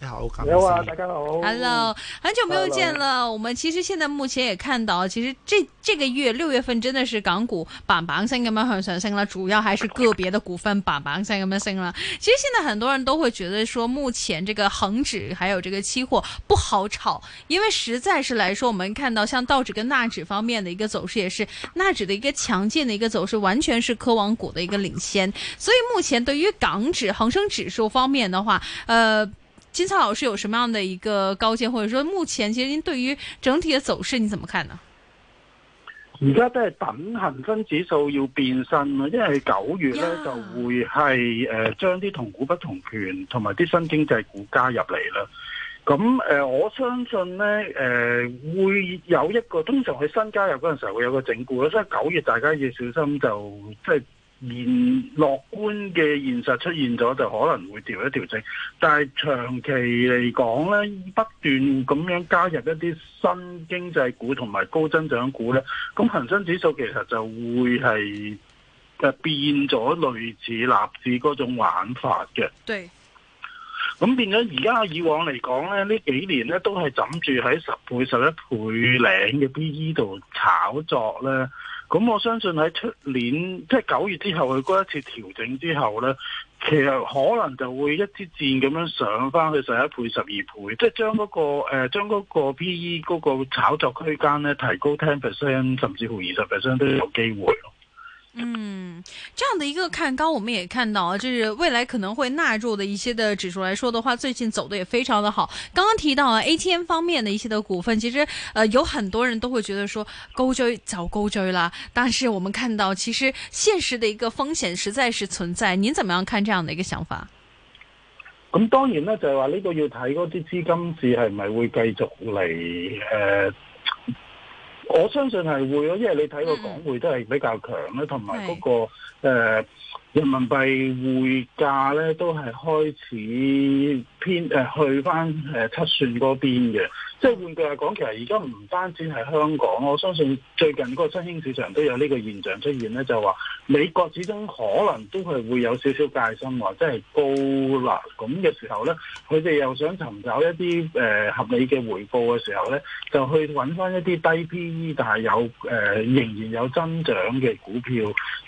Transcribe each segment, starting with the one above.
你好，有啊，大家好，Hello，很久沒有見了。Hello. 我們其實現在目前也看到，其實這這個月六月份真的是港股板板升，根本很上升了，主要還是個別的股份板板升，根本升了。其實現在很多人都會覺得說，目前這個恒指還有這個期貨不好炒，因為實在是來說，我們看到像道指跟納指方面的一個走勢也是納指的一個強勁的一個走勢，完全是科網股的一個領先。所以目前對於港指、恒生指數方面的話，呃。金曹老師有什麼樣的一個高見，或者說目前其實您對於整體的走勢你怎麼看呢？而家都係等恒生指數要變身，因為九月咧 Yeah. 就會係誒、呃、將啲同股不同權同埋啲新經濟股加入嚟啦。咁、嗯、誒、呃，我相信咧誒、呃、會有一個通常喺新加入嗰陣時候會有個整固，所以九月大家要小心就即係。現樂觀嘅現實出現咗，就可能會調一調整。但係長期嚟講咧，不斷咁樣加入一啲新經濟股同埋高增長股咧，咁恆生指數其實就會係誒變咗類似納指嗰種玩法嘅。對。咁變咗而家以往嚟講咧，呢幾年咧都係枕住喺十倍、十一倍領嘅 PE 度炒作咧。咁我相信喺出年，即係九月之後佢嗰一次調整之後咧，其實可能就會一支箭咁樣上翻去十一倍、十二倍，即係將嗰個誒、呃，將嗰個 P E 嗰個炒作區間咧提高 ten percent 甚至乎二十 percent 都有機會咯。嗯，這樣的一個看，剛我們也看到啊，就是未來可能會納入的一些的指數來說的話，最近走得也非常的好。剛剛提到了 ATM 方面的一些的股份，其實呃有很多人都會覺得說高追就高追啦」。但是我們看到其實現實的一個風險實在是存在。您怎麼樣看這樣的一個想法？咁、嗯、當然啦，就係話，呢個要睇嗰啲資金是係咪會繼續嚟我相信係會咯，因為你睇個港匯都係比較強咧，同埋嗰個呃、人民幣匯價咧都係開始偏、呃、去翻七算嗰邊嘅。即係換句話講，其實而家唔單止係香港，我相信最近個新興市場都有呢個現象出現咧，就話美國始終可能都係會有少少戒心，或者係高啦。咁嘅時候咧，佢哋又想尋找一啲誒、呃、合理嘅回報嘅時候咧，就去揾翻一啲低 PE，但係有誒、呃、仍然有增長嘅股票，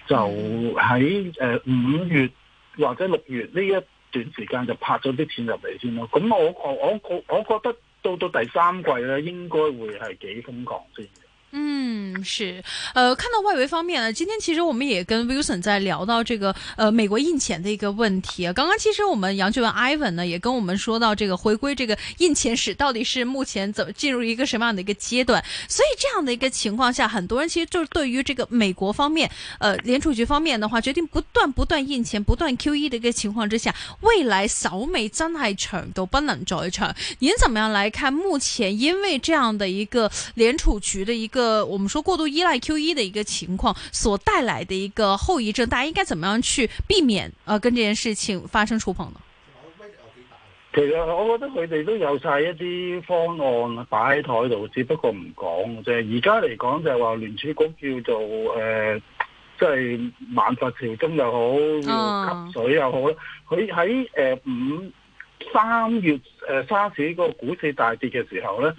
就喺誒五月或者六月呢一段時間就拍咗啲錢入嚟先咯。咁我我我我我覺得。到到第三季咧，應該會係幾瘋狂先。嗯，是，呃，看到外圍方面呢，今天其實我們也跟 Wilson 在聊到這個，呃，美國印錢的一個問題。剛剛其實我們楊俊文、Ivan 呢也跟我們說到這個回歸這個印錢史到底是目前怎麼進入一個什麼樣的一個階段。所以這樣的一個情況下，很多人其實就是對於這個美國方面，呃，聯儲局方面的話，決定不斷不斷印錢、不斷 QE 的一個情況之下，未來掃美增一場、張大成都不能走一場。您怎麼樣來看目前因為這樣的一個聯儲局的一個？我們說過度依賴 Q E 的一個情況所帶來的一個後遺症，大家應該怎麼樣去避免，啊？跟這件事情發生觸碰呢？其實我覺得佢哋都有晒一啲方案擺喺台度，只不過唔講嘅啫。而家嚟講就係話聯儲局叫做，誒、呃，即係萬佛朝宗又好，要吸水又好，佢喺誒五。三月誒、呃、沙士嗰個股市大跌嘅時候咧，佢、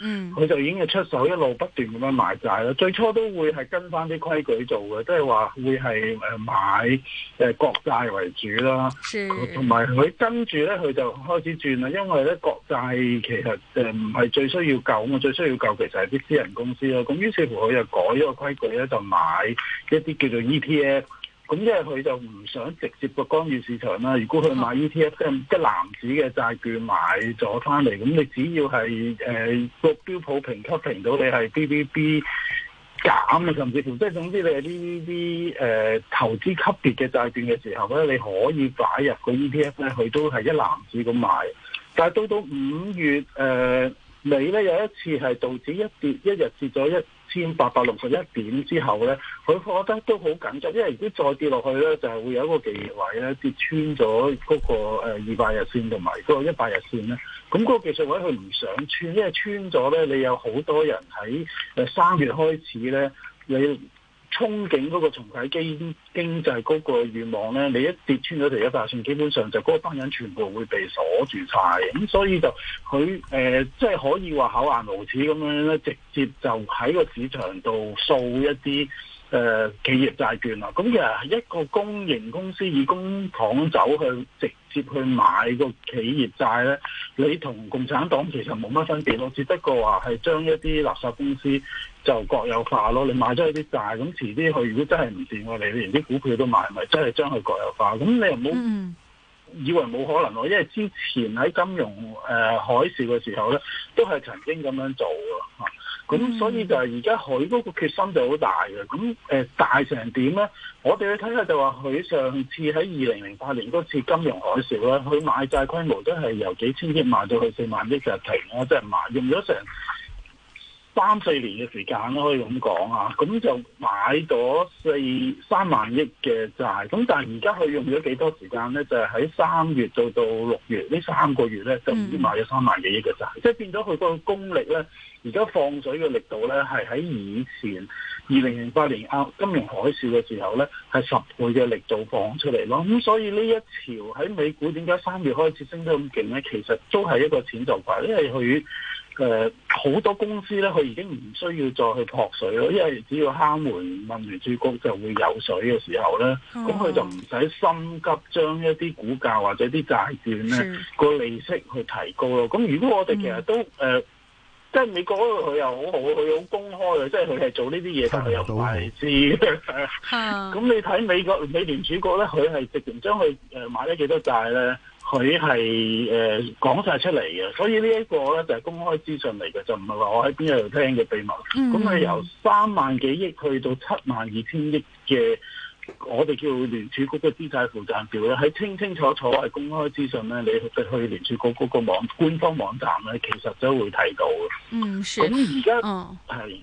嗯、就已經出手一路不斷咁樣買債啦。最初都會係跟翻啲規矩做嘅，即係話會係誒買誒國債為主啦。同埋佢跟住咧，佢就開始轉啦，因為咧國債其實誒唔係最需要救，咁最需要救其實係啲私人公司咯。咁於是乎佢就改咗個規矩咧，就買一啲叫做 ETF。咁即係佢就唔想直接個干預市場啦。如果佢買 E T F 咧，一籃子嘅債券買咗翻嚟，咁你只要係誒個標普評級評到你係 B B B 減啊，甚至乎即係總之你係 B B B 誒投資級別嘅債券嘅時候咧，你可以擺入個 E T F 咧，佢都係一籃子咁買。但係到到五月誒，你咧有一次係造紙一跌，一日跌咗一千八百六十一點之後呢，佢覺得都好緊張，因為如果再跌落去呢，就係會有一個技術位呢，跌穿咗嗰個二百日線同埋嗰個一百日線呢。咁、那、嗰個技術位佢唔想穿，因為穿咗呢，你有好多人喺三月開始呢。你憧憬嗰個重啟經經濟嗰個願望咧，你一跌穿咗條一百線，基本上就嗰班人全部會被鎖住晒。咁所以就佢誒即係可以話厚顏無恥咁樣咧，直接就喺個市場度掃一啲。誒、呃、企業債券啊，咁其實係一個公營公司以公帑走去直接去買個企業債咧，你同共產黨其實冇乜分別咯，只不過話係將一啲垃圾公司就國有化咯，你買咗一啲債，咁遲啲佢如果真係唔掂我哋，連啲股票都買埋，咪真係將佢國有化，咁你又冇。嗯以為冇可能喎，因為之前喺金融誒、呃、海嘯嘅時候咧，都係曾經咁樣做嘅嚇，咁、嗯、所以就係而家佢嗰個決心就好大嘅，咁誒、呃、大成點咧？我哋去睇下就話佢上次喺二零零八年嗰次金融海嘯咧，佢買債規模都係由幾千億買到去四萬億就停、是、啦，即係買用咗成。三四年嘅時間咯，可以咁講啊，咁就買咗四三萬億嘅債，咁但係而家佢用咗幾多時間咧？就係喺三月做到六月呢三個月咧，就已經買咗三萬幾億嘅債，嗯、即係變咗佢個功力咧。而家放水嘅力度咧，係喺以前二零零八年亞金融海嘯嘅時候咧，係十倍嘅力度放出嚟咯。咁所以呢一潮喺美股點解三月開始升得咁勁咧？其實都係一個錢就快，因為佢。誒，好、呃、多公司咧，佢已經唔需要再去撲水咯，因為只要敲門問聯儲局就會有水嘅時候咧，咁佢、啊、就唔使心急將一啲股價或者啲債券咧個的利息去提高咯。咁如果我哋其實都誒、嗯呃，即係美國嗰度佢又好好，佢好公開嘅，即係佢係做呢啲嘢都由佢知。係咁、 啊、你睇美國美聯儲局咧，佢係直情將佢誒買咗幾多債咧？佢係誒講晒出嚟嘅，所以呢一個咧就係公開資訊嚟嘅，就唔係話我喺邊度聽嘅秘密。咁係、嗯、由三萬幾億去到七萬二千億嘅，我哋叫聯儲局嘅資產負債表咧，喺清清楚楚係公開資訊咧，你去去聯儲局嗰個網官方網站咧，其實都會睇到嗯，咁而家係。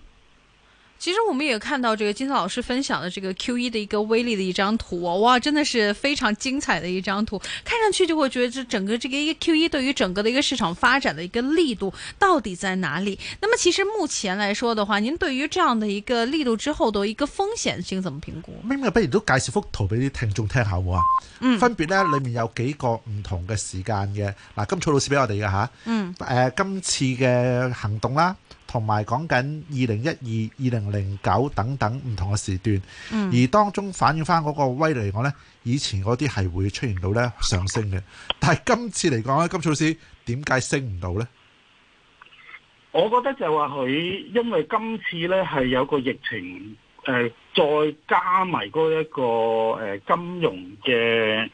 其實我們也看到這個金曹老師分享的這個 QE 的一個威力的一張圖，哦哇，真的是非常精彩的一張圖，看上去就會覺得這整個這個一 QE 對於整個的一個市場發展的一個力度到底在哪裡？那麼其實目前來說的話，您對於這樣的一個力度之後的一個風險性怎麼評估？明明不如都介紹幅圖俾啲聽眾聽下好啊？嗯，分別呢裡面有幾個不同的時間嘅，嗱金曹老師俾我哋嘅吓，嗯、啊，誒、呃、今次嘅行動啦。同埋講緊二零一二、二零零九等等唔同嘅時段，而當中反映翻嗰個威力嚟講呢，以前嗰啲係會出現到呢上升嘅，但係今次嚟講呢，金措施點解升唔到呢？我覺得就係話佢因為今次呢係有個疫情，誒再加埋嗰一個誒金融嘅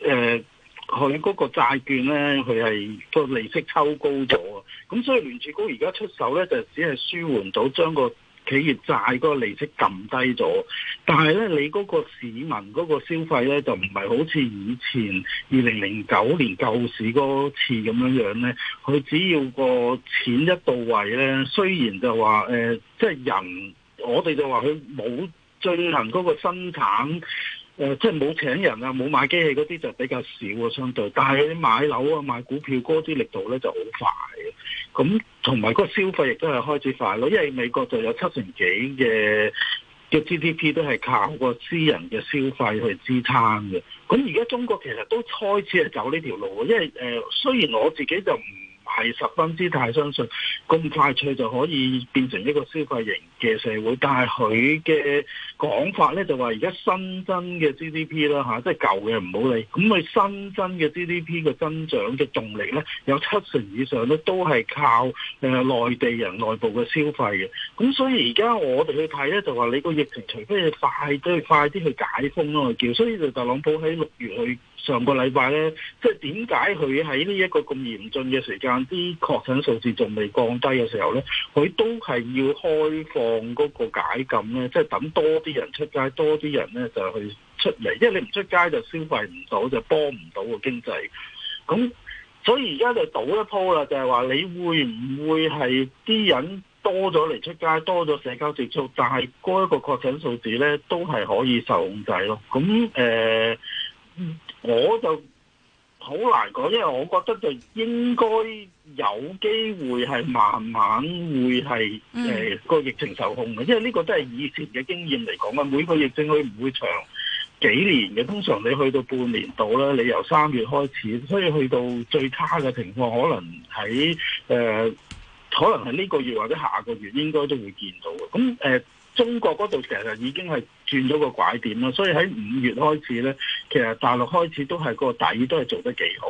誒佢嗰個債券呢，佢係個利息抽高咗。咁所以聯儲局而家出手咧，就只係舒緩到將個企業債嗰個利息撳低咗，但係咧你嗰個市民嗰個消費咧，就唔係好似以前二零零九年救市嗰次咁樣樣咧，佢只要個錢一到位咧，雖然就話誒，即係人我哋就話佢冇進行嗰個生產。誒、呃，即係冇請人啊，冇買機器嗰啲就比較少啊相對。但係你買樓啊、買股票嗰啲力度咧就好快嘅、啊。咁同埋個消費亦都係開始快咯，因為美國就有七成幾嘅嘅 GDP 都係靠個私人嘅消費去支撐嘅。咁而家中國其實都開始係走呢條路，因為誒、呃，雖然我自己就唔係十分之太相信咁快脆就、就可以變成一個消費型嘅社會，但係佢嘅講法咧就話，而家新增嘅 GDP 啦、啊、嚇，即、就、係、是、舊嘅唔好理。咁佢新增嘅 GDP 嘅增長嘅動力咧，有七成以上咧都係靠誒、呃、內地人內部嘅消費嘅。咁所以而家我哋去睇咧，就話你個疫情除非你快都要快啲去解封咯，叫。所以就特朗普喺六月去上個禮拜咧，即係點解佢喺呢一個咁嚴峻嘅時間，啲確診數字仲未降低嘅時候咧，佢都係要開放。用嗰個解禁咧，即係等多啲人出街，多啲人咧就去出嚟，因為你唔出街就消費唔到，就幫唔到個經濟。咁所以而家就倒一鋪啦，就係話你會唔會係啲人多咗嚟出街，多咗社交接觸，但係嗰一個確診數字咧都係可以受控制咯。咁誒、呃，我就。好難講，因為我覺得就應該有機會係慢慢會係誒、呃、個疫情受控嘅，因為呢個都係以前嘅經驗嚟講啊。每個疫症佢唔會長幾年嘅，通常你去到半年度咧，你由三月開始，所以去到最差嘅情況，可能喺誒、呃，可能係呢個月或者下個月應該都會見到嘅。咁、嗯、誒。呃中國嗰度其實已經係轉咗個拐點啦，所以喺五月開始呢，其實大陸開始都係個底都係做得幾好。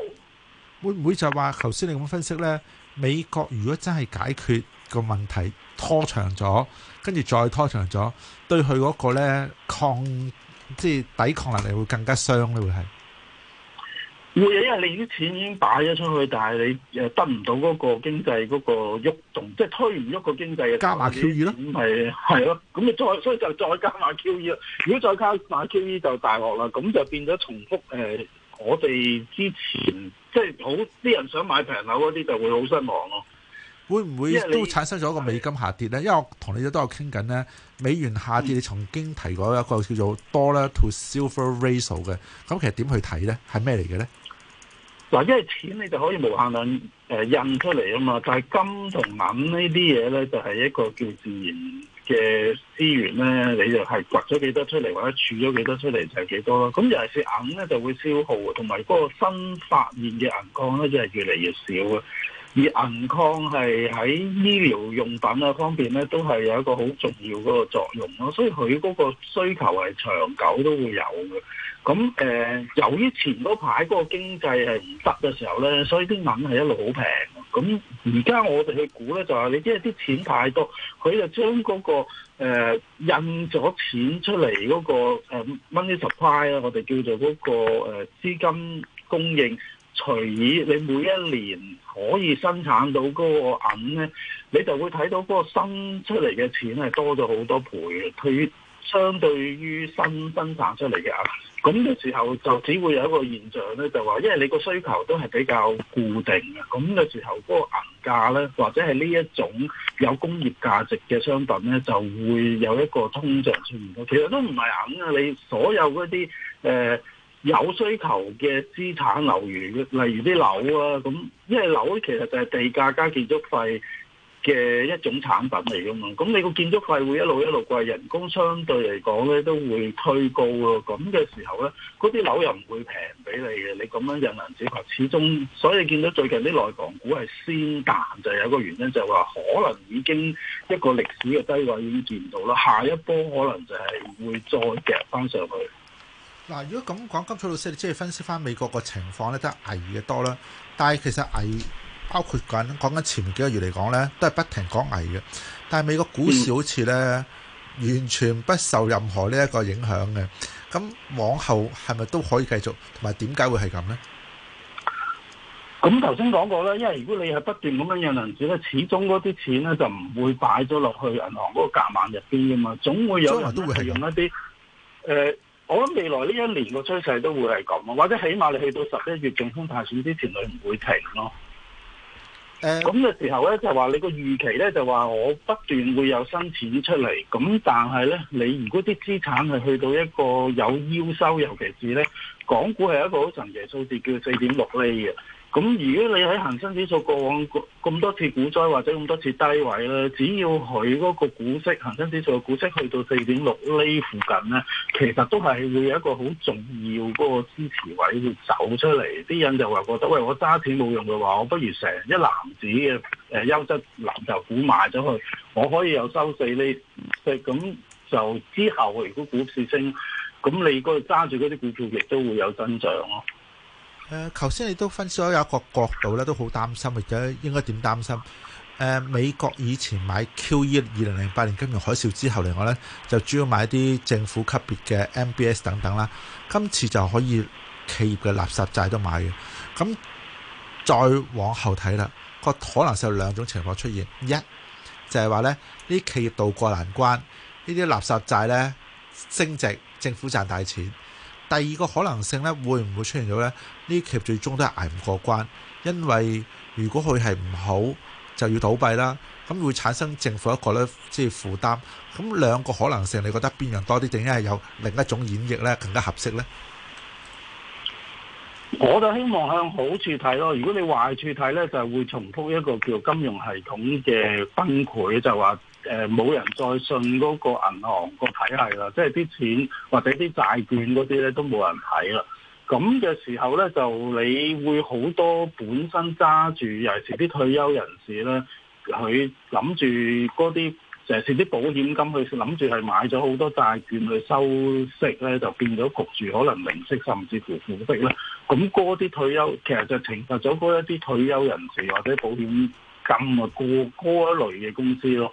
會唔會就係話頭先你咁分析呢？美國如果真係解決個問題拖長咗，跟住再拖長咗，對佢嗰個呢抗即係抵抗能力會更加傷呢？會係。會，因為你啲錢已經擺咗出去，但係你得唔到嗰個經濟嗰個喐動，即係推唔喐個經濟，加碼 QE 咯，咁係係咯，咁你再所以就再加碼 QE 咯。如果再加碼 QE 就大鑊啦，咁就變咗重複誒、呃。我哋之前即係好啲人想買平樓嗰啲就會好失望咯。會唔會都產生咗一個美金下跌咧？因為我同你都有傾緊咧，美元下跌，嗯、你曾經提過一個叫做 Dollar to Silver Ratio 嘅，咁其實點去睇咧？係咩嚟嘅咧？嗱，因為錢你就可以無限量誒印出嚟啊嘛，但係金同銀呢啲嘢咧，就係一個叫自然嘅資源咧，你就係掘咗幾多出嚟或者儲咗幾多出嚟就係幾多咯。咁尤其是銀咧，就會消耗，同埋嗰個新發現嘅銀礦咧，就係越嚟越少啊。而銀礦係喺醫療用品啊方面咧，都係有一個好重要嗰個作用咯，所以佢嗰個需求係長久都會有嘅。咁誒、呃，由於前嗰排嗰個經濟係唔得嘅時候咧，所以啲銀係一路好平。咁而家我哋去估咧，就係、是、你即係啲錢太多，佢就將嗰、那個、呃、印咗錢出嚟嗰、那個、呃、money supply，我哋叫做嗰、那個資、呃、資金供應，除以你每一年可以生產到嗰個銀咧，你就會睇到嗰個新出嚟嘅錢係多咗好多倍。佢相對於新生產出嚟嘅啊，咁嘅時候就只會有一個現象咧，就話因為你個需求都係比較固定嘅，咁嘅時候嗰個銀價咧，或者係呢一種有工業價值嘅商品咧，就會有一個通脹出現。其實都唔係銀啊，你所有嗰啲誒有需求嘅資產樓宇，例如啲樓啊，咁因為樓其實就係地價加建築費。嘅一種產品嚟噶嘛，咁你個建築費會一路一路貴，人工相對嚟講咧都會推高咯。咁嘅時候咧，嗰啲樓又唔會平俾你嘅。你咁樣引人指發，始終所以見到最近啲內房股係先彈，就係、有一個原因就係、係、話可能已經一個歷史嘅低位已經見到啦，下一波可能就係會再夾翻上去。嗱，如果咁講，金曹老師，你即係分析翻美國個情況咧，危得危嘅多啦，但係其實危。包括緊講緊前面幾個月嚟講咧，都係不停講危嘅。但係美國股市好似咧，完全不受任何呢一個影響嘅。咁往後係咪都可以繼續？同埋點解會係咁呢？咁頭先講過啦，因為如果你係不斷咁樣印銀紙咧，始終嗰啲錢咧就唔會擺咗落去銀行嗰個夾萬入邊噶嘛，總會有人都會係用一啲誒、呃，我諗未來呢一年個趨勢都會係咁咯，或者起碼你去到十一月競選大選之前，佢唔會停咯。誒，咁嘅、uh, 時候咧就話、是、你個預期咧就話我不斷會有新錢出嚟，咁但係咧你如果啲資產係去到一個有腰收，尤其是咧港股係一個好神奇數字，叫四點六厘嘅。咁如果你喺恒生指數過往咁多次股災或者咁多次低位咧，只要佢嗰個股息、恒生指數嘅股息去到四點六釐附近咧，其實都係會有一個好重要嗰個支持位會走出嚟。啲人就話覺得，喂，我揸錢冇用嘅話，我不如成一籃子嘅誒優質藍籌股買咗去，我可以有收四釐。咁就之後如果股市升，咁你個揸住嗰啲股票亦都會有增長咯。誒，頭先、呃、你都分析咗，有一個角度咧，都好擔心或者應該點擔心、呃，美國以前買 QE 二零零八年，金融海嘯之後嚟講呢，就主要買啲政府級別嘅 MBS 等等啦。今次就可以企業嘅垃圾債都買嘅，咁再往後睇啦，個可能是有兩種情況出現：一就係、是、話呢，呢企業渡過難關，呢啲垃圾債呢升值，政府賺大錢。第二個可能性咧，會唔會出現到咧？呢劇最終都係挨唔過關，因為如果佢係唔好，就要倒閉啦。咁會產生政府一個咧，即係負擔。咁兩個可能性，你覺得邊樣多啲？定係有另一種演繹咧，更加合適呢？我就希望向好處睇咯。如果你壞處睇咧，就係會重複一個叫金融系統嘅崩潰，就話，是。誒冇人再信嗰個銀行個體系啦，即係啲錢或者啲債券嗰啲咧都冇人睇啦。咁嘅時候咧，就你會好多本身揸住，尤其是啲退休人士咧，佢諗住嗰啲，尤其是啲保險金，佢諗住係買咗好多債券去收息咧，就變咗焗住可能零息甚至乎負息啦。咁嗰啲退休，其實就懲罰咗嗰一啲退休人士或者保險金啊過高一類嘅公司咯。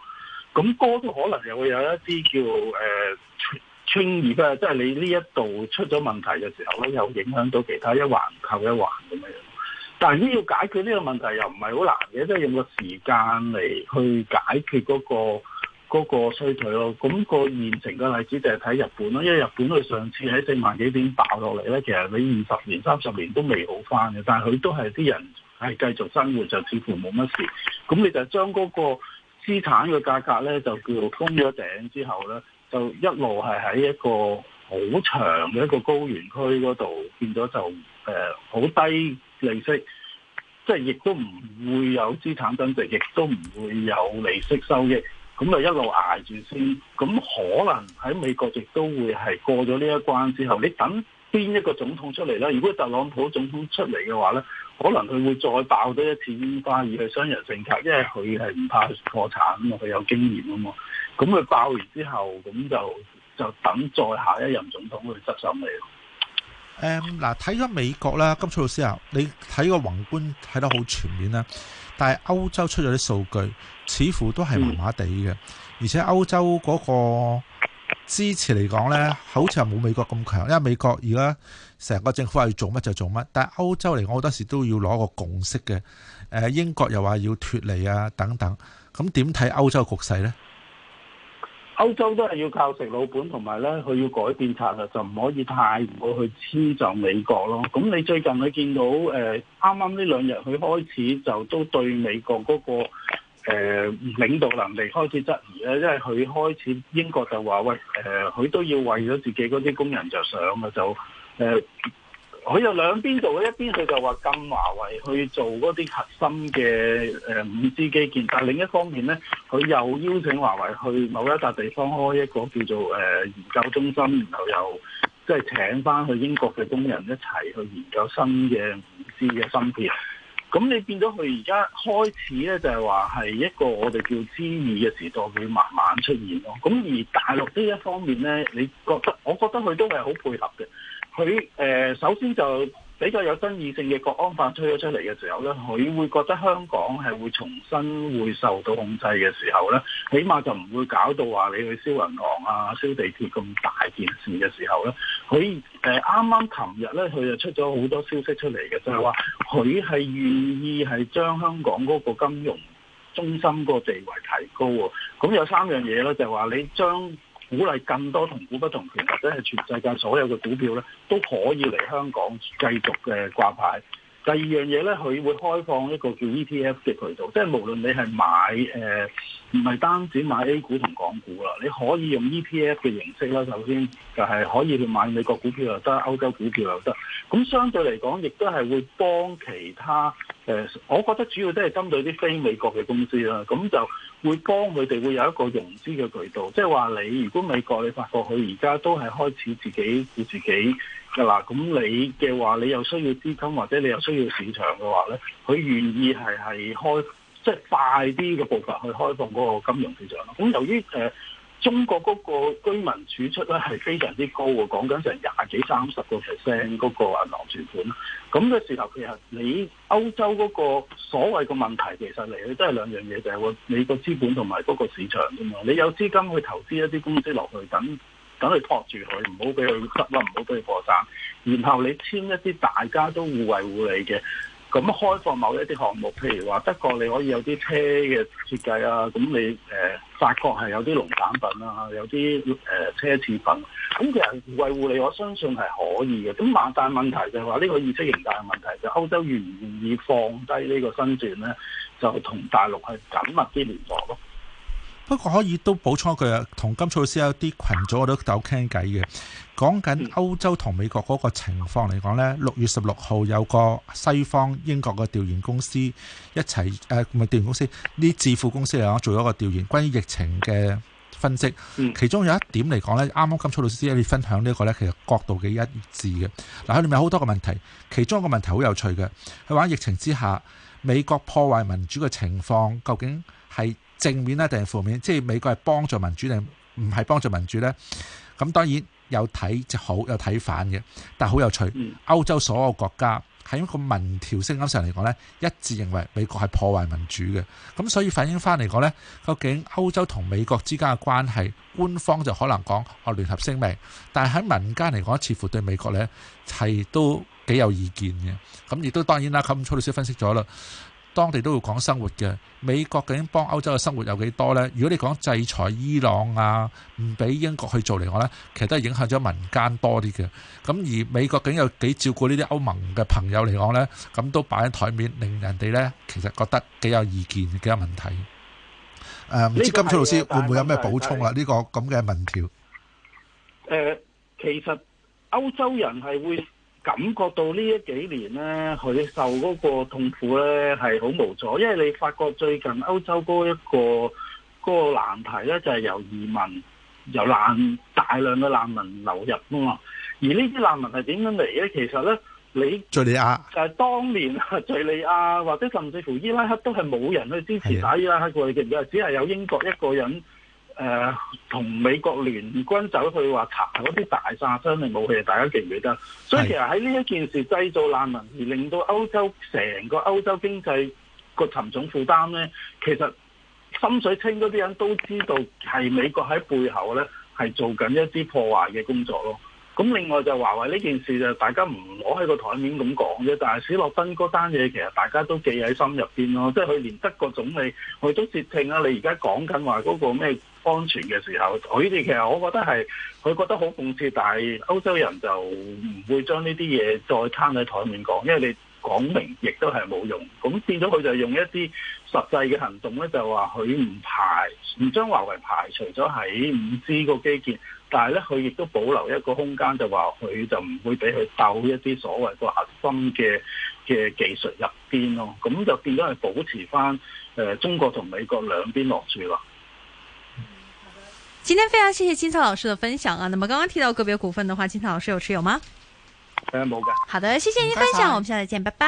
咁哥都可能又會有一啲叫誒穿穿啊，即係你呢一度出咗問題嘅時候咧，又影響到其他一環扣一環咁樣。但係呢要解決呢個問題又唔係好難嘅，即係用個時間嚟去解決嗰個嗰個衰退咯。咁個現成嘅例子就係睇日本咯，因為日本佢上次喺四萬幾點爆落嚟咧，其實你二十年、三十年都未好翻嘅，但係佢都係啲人係繼續生活就似乎冇乜事。咁你就將嗰個。資產嘅價格咧就叫做封咗頂之後咧，就一路係喺一個好長嘅一個高原區嗰度，變咗就誒好、呃、低利息，即係亦都唔會有資產增值，亦都唔會有利息收益，咁就一路捱住先。咁可能喺美國亦都會係過咗呢一關之後，你等，邊一個總統出嚟啦。如果特朗普總統出嚟嘅話咧，可能佢會再爆多一次煙花，而去雙人政客，因為佢係唔怕破產啊嘛，佢有經驗啊嘛。咁佢爆完之後，咁就就等再下一任總統去執手尾咯。誒、嗯，嗱，睇咗美國啦，金曹老師啊，你睇個宏觀睇得好全面啦，但係歐洲出咗啲數據，似乎都係麻麻地嘅，嗯，而且歐洲嗰、嗰個。支持嚟講呢，好似係冇美國咁強，因為美國而家成個政府係做乜就做乜，但係歐洲嚟講，我好多時都要攞個共識嘅。誒，英國又話要脱離啊，等等，咁點睇歐洲局勢呢？歐洲都係要靠食老本，同埋呢，佢要改變策略，就唔可以太過去遷就美國咯。咁你最近你見到誒，啱啱呢兩日佢開始就都對美國嗰個。誒、呃，領導能力開始質疑咧，因為佢開始英國就話喂，誒、呃、佢都要為咗自己嗰啲工人着想啊，就誒，佢、呃、又兩邊做，一邊佢就話禁華為去做嗰啲核心嘅誒五 G 基建，但另一方面咧，佢又邀請華為去某一笪地方開一個叫做、呃、研究中心，然後又即係、就是、請翻去英國嘅工人一齊去研究新嘅五 G 嘅芯片。咁你變咗佢而家開始咧，就係話係一個我哋叫 G2 嘅時代，佢慢慢出現咯。咁而大陸呢一方面咧，你覺得我覺得佢都係好配合嘅。佢誒首先就。比較有爭議性嘅國安法推咗出嚟嘅時候咧，佢會覺得香港係會重新會受到控制嘅時候咧，起碼就唔會搞到話你去燒銀行啊、燒地鐵咁大件事嘅時候咧，佢誒啱啱琴日咧，佢就出咗好多消息出嚟嘅，就係話佢係願意係將香港嗰個金融中心個地位提高喎。咁有三樣嘢咧，就係話你將。鼓勵更多同股不同權或者係全世界所有嘅股票咧都可以嚟香港繼續嘅掛牌。第二樣嘢咧，佢會開放一個叫 ETF 嘅渠道，即係無論你係買誒，呃，唔係單止買 A 股同港股啦，你可以用 ETF 嘅形式啦。首先就係可以去買美國股票又得，歐洲股票又得。咁相對嚟講，亦都係會幫其他。誒、呃，我覺得主要都係針對啲非美國嘅公司啦，咁就會幫佢哋會有一個融資嘅渠道，即係話你如果美國你發覺佢而家都係開始自己顧自己嘅啦，咁你嘅話你又需要資金或者你又需要市場嘅話咧，佢願意係係開即係快啲嘅步伐去開放嗰個金融市場咯。咁由於誒。呃中國嗰個居民儲蓄咧係非常之高喎，講緊成廿幾三十個 percent 嗰個銀行存款。咁嘅時候，其實你歐洲嗰個所謂嘅問題，其實嚟佢都係兩樣嘢，就係、是、你個資本同埋嗰個市場啫嘛。你有資金去投資一啲公司落去，等等佢托住佢，唔好俾佢執笠，唔好俾佢破產。然後你簽一啲大家都互惠互利嘅，咁開放某一啲項目，譬如話德國你可以有啲車嘅設計啊，咁你誒。呃法國係有啲農產品啊，有啲、呃、奢侈品，咁其實維護你我相信係可以嘅。咁但係、呢個、大問題就係話呢個意識形態嘅問題，就歐洲願唔願意放低呢個身段咧，就同大陸係緊密啲聯絡咯。不過可以都補充一句啊，同金曹老師有啲群組我都夠傾偈嘅，講緊歐洲同美國嗰個情況嚟講呢，六月十六號有個西方英國嘅調研公司一齊誒，唔係、呃、調研公司，啲智庫公司嚟講做咗個調研，關於疫情嘅分析，嗯、其中有一點嚟講呢，啱啱金曹老師你分享呢、這個個其實角度幾一致嘅，嗱佢裏面有好多個問題，其中一個問題好有趣嘅，佢話疫情之下美國破壞民主嘅情況究竟係？正面呢定係負面，即係美國係幫助民主定唔係幫助民主呢？咁當然有睇就好有睇反嘅，但係好有趣。歐洲所有國家喺一個民調聲音上嚟講呢，一致認為美國係破壞民主嘅。咁所以反映翻嚟講呢，究竟歐洲同美國之間嘅關係，官方就可能講我聯合聲明，但係喺民間嚟講，似乎對美國呢，係都幾有意見嘅。咁亦都當然啦，咁日曹律師分析咗啦。當地都會講生活嘅，美國究竟幫歐洲嘅生活有幾多咧？如果你講制裁伊朗啊，唔俾英國去做嚟講咧，其實都係影響咗民間多啲嘅。咁而美國究竟有幾照顧呢啲歐盟嘅朋友嚟講咧？咁都擺喺台面，令人哋咧其實覺得幾有意見，幾有問題。誒，唔知金曹老師會唔會有咩補充啊？呢個咁嘅民調。誒，其實歐洲人係會。感覺到呢一幾年呢，佢受嗰個痛苦呢係好無助，因為你發覺最近歐洲嗰一個嗰、嗰個難題呢就係、係、由移民、由難大量嘅難民流入啊嘛。而呢啲難民係點樣嚟呢？其實呢你敍利亞就係當年啊，敍利亞或者甚至乎伊拉克都係冇人去支持打伊拉克過嚟嘅，只係有英國一個人。誒，同、呃、美國聯軍走去話查嗰啲大殺傷力武器，大家記唔記得？是所以其實喺呢一件事製造難民，而令到歐洲成個歐洲經濟個沉重負擔咧，其實心水清嗰啲人都知道係美國喺背後咧，係做緊一啲破壞嘅工作咯。咁另外就華為呢件事就大家唔攞喺個台面咁講啫，但係史洛登嗰單嘢其實大家都記喺心入邊咯，即係佢連德國總理佢都竊聽啊！你而家講緊話嗰個咩安全嘅時候，佢哋其實我覺得係佢覺得好諷刺，但係歐洲人就唔會將呢啲嘢再攤喺台面講，因為你講明亦都係冇用。咁變咗佢就用一啲實際嘅行動咧，就話佢唔排唔將華為排除咗喺五 G 個基建。但係咧，佢亦都保留一個空間，就話佢就唔會俾佢鬥一啲所謂個核心嘅嘅技術入邊咯。咁就變咗係保持翻誒中國同美國兩邊落注啦。今天非常謝謝金曹老師嘅分享啊！那麼剛剛提到個別股份的話，金曹老師有持有嗎？誒、嗯，冇㗎。好的，謝謝您分享，拜拜我們下次見，拜拜。